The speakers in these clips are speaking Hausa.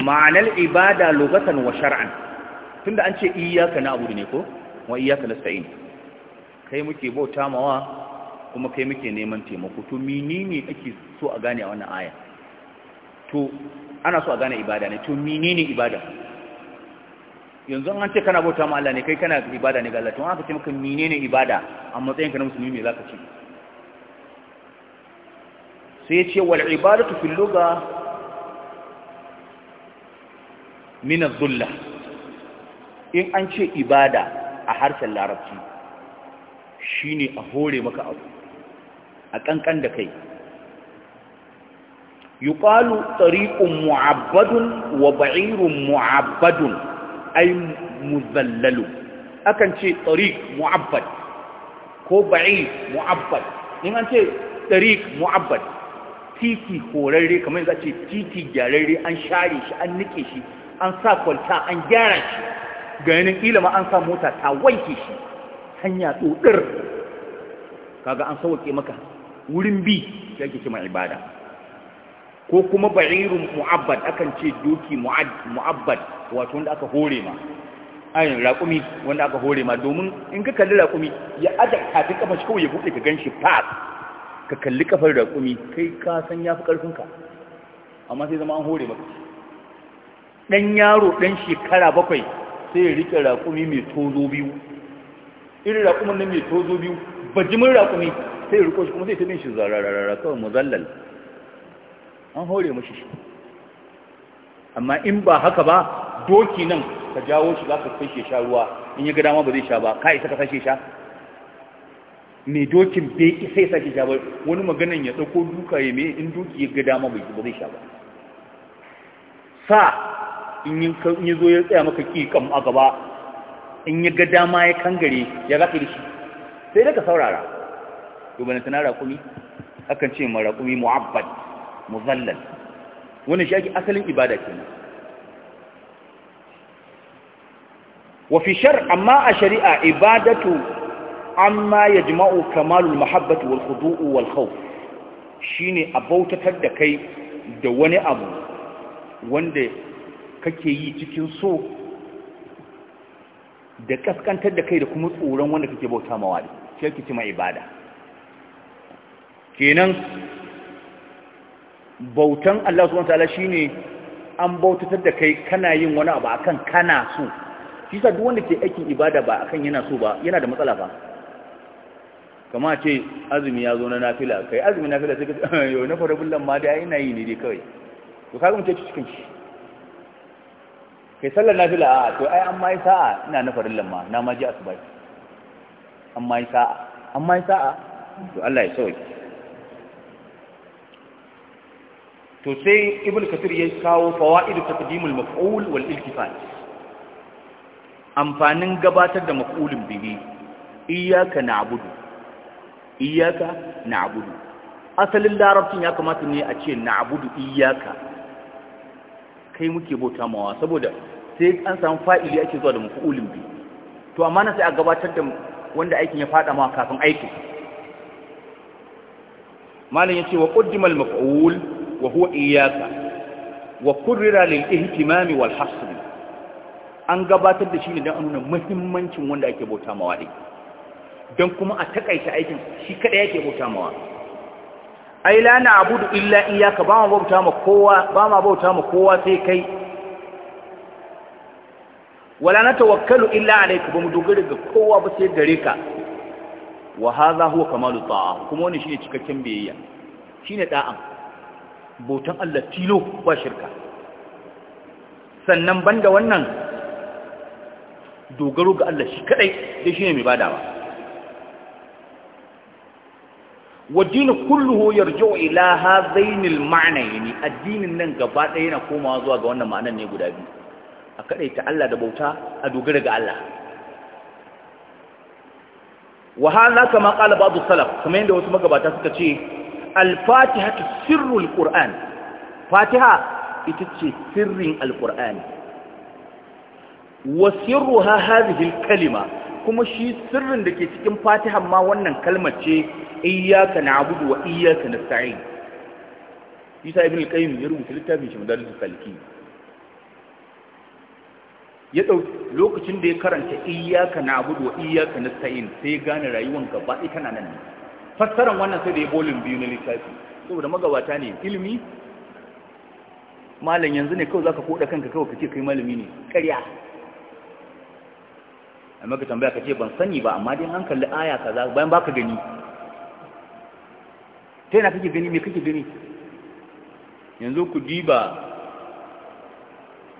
ma'anar ibada lugatan wa shar'an tunda an ce iyyaka abu ne ko wa iyyaka nasta'in kai muke bauta mawa kuma kai muke neman taimako to menene ake so a gane a wannan aya to ana so a gane ibada ne to menene ibada yanzu an ce kana bauta ma Allah ne kai kana ibada ne ga Allah to an ce maka menene ibada a matsayin ka na musulmi me zaka ce sai ya ce wal ibadatu fil lugha min az-zulla in an ce ibada a harshen larabci shine a hore maka abu a kankan da kai yuqalu tariqun mu'abbadun wa ba'irun mu'abbadun ay muzallalu akan ce tariq mu'abbad ko ba'ir mu'abbad in an ce tariq mu'abbad titi horarre kamar yanzu a ce titi gyararre an share shi an nike shi an sa kwalta an gyara shi ga yanin ilima an sa mota ta wanke shi hanya tsodir kaga an sauke maka wurin bi da ake cima ibada ko kuma ba'irun mu'abbad akan ce doki mu'abbad wato wanda aka hore ma ayin raƙumi wanda aka hore ma domin in ka kalli raƙumi ya aja kafin kafa shi kawai ya buɗe ka gan shi fat ka kalli kafar raƙumi kai ka san ya fi ƙarfinka amma sai zama an hore maka ɗan yaro ɗan shekara bakwai sai ya riƙe raƙumi mai tozo biyu irin raƙumin nan mai tozo biyu bajimin raƙumi sai ya riƙo shi kuma sai ta bin shi zarararara kawai muzallal an hore mashi shi amma in ba haka ba doki nan ka jawo shi za ka kai sha ruwa in ya ga dama ba zai sha ba ka isa ka sashe sha mai dokin bai sai ya sha ba wani maganan ya ɗauko duka ya mai in doki ya ga dama ba zai sha ba sa in yi zo ya tsaya maka ƙi a gaba in ya ga dama ya kangare ya ga da shi sai daga saurara dubana tana raƙumi akan ce ma raƙumi mu'abbad muzallal wannan shi ake asalin ibada kenan wa fi shar amma a shari'a ibadatu amma jima'u kamalul Mahabbatu, wal hudu'u wal khawf shine a bautatar da kai da wani abu wanda kake yi cikin so da kaskantar da kai da kuma tsoron wanda kake bauta mawa ne shi yake cima ibada kenan bautan Allah subhanahu wataala ne an bautatar da kai kana yin wani abu akan kana so shi sa duk wanda ke aikin ibada ba akan yana so ba yana da matsala ba kama ce azumi ya zo na nafila kai azumi nafila sai ka yau na farabullan ma da ina yi ne dai kawai to kaga mutum cikin shi kai sallar nafila a to ai an mai sa'a ina na farillan ma na ma ji asubai an mai sa'a an mai sa'a to Allah ya sauke to sai ibnu kathir ya kawo fawaid taqdimul maf'ul wal iltifat amfanin gabatar da maf'ulin bihi iyyaka na'budu iyyaka na'budu asalin larabcin ya kamata ne a ce na'budu iyyaka kai muke bauta mawa saboda sai an samu fa'ili ake zuwa da mafi'ulin bi to amma na sai a gabatar da wanda aikin ya fada mawa kafin aikin malam yace wa qaddima maf'ul wa huwa iyyaka wa qurrira lil ihtimam wal hasb an gabatar da shi ne dan nuna muhimmancin wanda ake bauta mawa dai dan kuma a takaita aikin shi kada yake bauta mawa ai la na'budu illa iyyaka ba ma bauta ma kowa ba ma bauta ma kowa sai kai wala natawakkalu illa alayka ba mu dogara ga kowa ba sai gare ka wa hadha huwa kamalu ta'a kuma wannan shine cikakken biyayya shine da'a bautan Allah tilo ba shirka sannan banda wannan dogaro ga Allah shi kadai dai shine mai badawa waddini kulluhu ilaha ila ma'ana, ma'nayn addinin nan gaba ɗaya yana komawa zuwa ga wannan ma'anan ne guda biyu a ta Allah da bauta a dogara ga Allah wa hada kama qala ba'd salaf kamar yadda wasu magabata suka ce al-fatihatu al qur'an fatiha ita ce sirrin al-qur'ani wa sirruha hadhihi al-kalima kuma shi sirrin da ke cikin fatihan ma wannan kalmar ce iyyaka na'budu wa iyyaka nasta'in isa ibn al-qayyim ya rubuta littafin shi madarijus salikin ya ɗauki lokacin da ya karanta iyaka na abudu wa iyaka na sa'in sai gane rayuwan gaba ita na nan fassaran wannan sai da ya bolin biyu na littafi saboda magabata ne ilimi malam yanzu ne kawai zaka koda kanka kawai kace kai malami ne ƙarya amma ka tambaya kace ban sani ba amma dai an kalli aya kaza bayan baka gani ta yana kake gani mai kake gani yanzu ku diba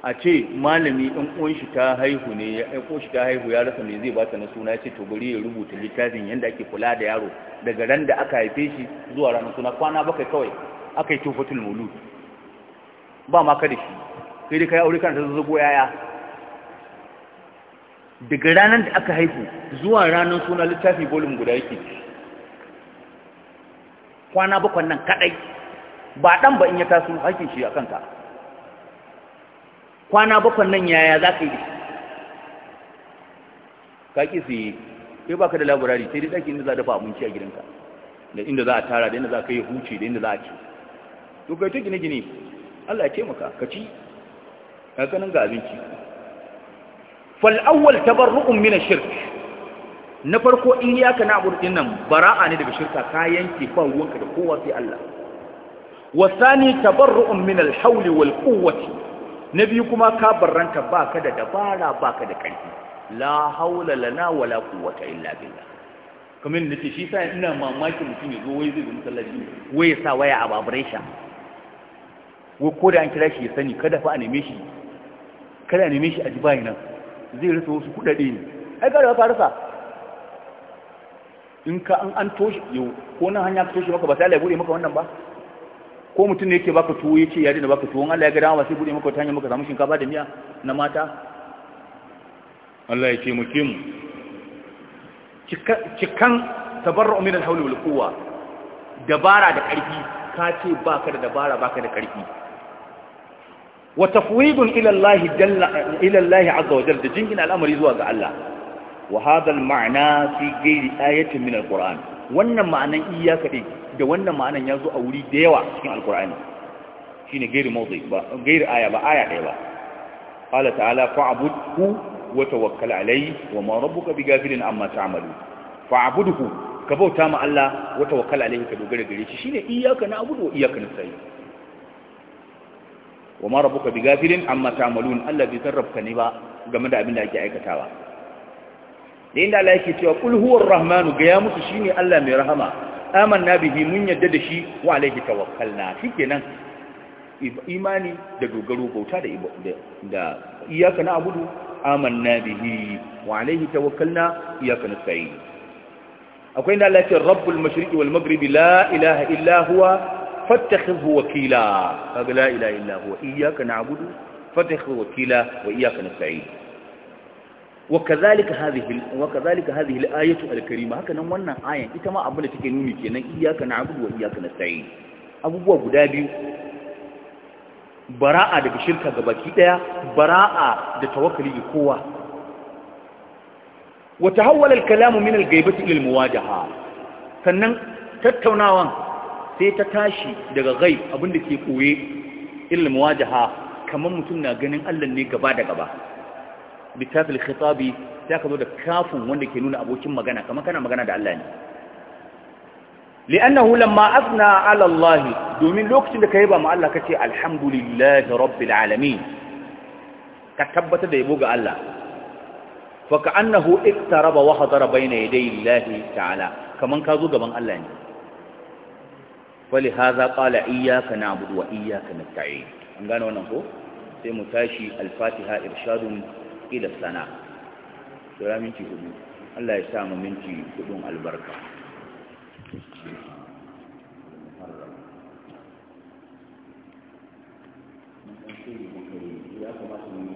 a ce malami ɗan ƙunshi ta haihu ne ya ƙunshi ta haihu ya rasa mai zai bata na suna ce to bari ya rubuta littafin yadda ake kula da yaro daga ran da aka haife shi zuwa ranar suna kwana bakwai kawai aka yi tufatul mulu ba ma ka da shi sai dai ka yi aure kan ta zazzago yaya daga ranar da aka haihu zuwa ranar suna littafi bolin guda yake kwana bakwan nan kadai ba dan ba in ya taso hakin shi akan ka kwana bakwan nan yaya za ka yi ka ki sai kai baka da laburari sai dai daki inda za dafa abinci a gidanka da inda za a tara da inda za ka yi huce da inda za a ci to kai ta gine-gine Allah ya ce maka ka ci ka kanin ga abinci fal awwal tabarru'un min ash-shirk na farko in iyaka na abudu dinnan bara'a ne daga shirka ka yanke ba ruwanka da kowa sai Allah wasani tabarru'un min al-hawli wal quwwati na biyu kuma ka ba baka da dabara baka da karfi la hawla lana wala quwwata illa billah kamar nace shi sai ina mamakin mutum ya zo wai zai zo masallaci wai ya sa waya a baburesha wai ko da an kira shi ya sani kada fa a neme shi kada a neme shi a ji nan zai rasa wasu kuɗaɗe ne ai kada ka rasa in ka an an toshe yau ko nan hanya ka toshe maka ba sai Allah ya bude maka wannan ba ko mutum ne yake baka tuwo yace ya dina baka tuwo Allah ya ga dama ba sai bude maka ta maka samu shinkafa da miya na mata Allah ya ce mu cikan tabarru min al hawl wal quwwa dabara da karfi ka ce baka da dabara baka da karfi wa tafwidun ila Allah jalla ila Allah azza wa jalla jingina al'amari zuwa ga Allah wa hadal ma'ana fi gairi ayatin min alquran wannan ma'anan iyaka din da wannan ma'anan ya zo a wuri da yawa cikin Shi ne gairi mawdi ba gairi aya ba aya ɗaya ba qala ta'ala fa'budhu wa tawakkal alayhi wa ma rabbuka bighafilin amma ta'malu fa'budhu ka bauta ma Allah wa tawakkal alayhi ka dogara gare shi shine iyaka na abudu wa iyaka nasta'in wa ma rabbuka bighafilin amma ta'malun Allah bai san rabka ne ba game da abin da ake aikatawa da inda Allah yake cewa kul huwar rahmanu ga ya musu shine Allah mai rahama amanna bihi mun yadda da shi wa alaihi tawakkalna shikenan imani da dogaro bauta da da iyyaka na'budu amanna bihi wa alaihi tawakkalna iyyaka nasta'in akwai inda Allah ya ce rabbul mashriqi wal maghribi la ilaha illa huwa fattakhidhu wakila kaga la ilaha illa huwa iyyaka na'budu fattakhidhu wakila wa iyyaka nasta'in وكذلك هذه وكذلك هذه الآية الكريمة wannan ayan ita ma abin da take nuni kenan iyyaka na'budu wa iyyaka nasta'in abubuwa guda biyu bara'a daga shirka gabaki daya bara'a da tawakkali ga kowa wa tahawwala al-kalamu min al-ghaibati ila al-muwajaha sannan tattaunawan sai ta tashi daga ghaib abin da ke koye ila al-muwajaha kamar mutum na ganin Allah ne gaba da gaba bitafil khitabi sai ka zo da kafin wanda ke nuna abokin magana kamar kana magana da Allah ne li'annahu lamma asna ala Allah domin lokacin da kai ba ma Allah kace alhamdulillahi rabbil alamin ka tabbata da ya buga Allah fa ka'annahu iktaraba wa hadara bayna yaday Allah ta'ala kaman ka zo gaban Allah ne wali hadha qala iyyaka na'budu wa iyyaka nasta'in an gane wannan ko sai mu tashi al-fatiha irshadun ila sana sura minti hudu Allah ya sa mu minti hudun albarka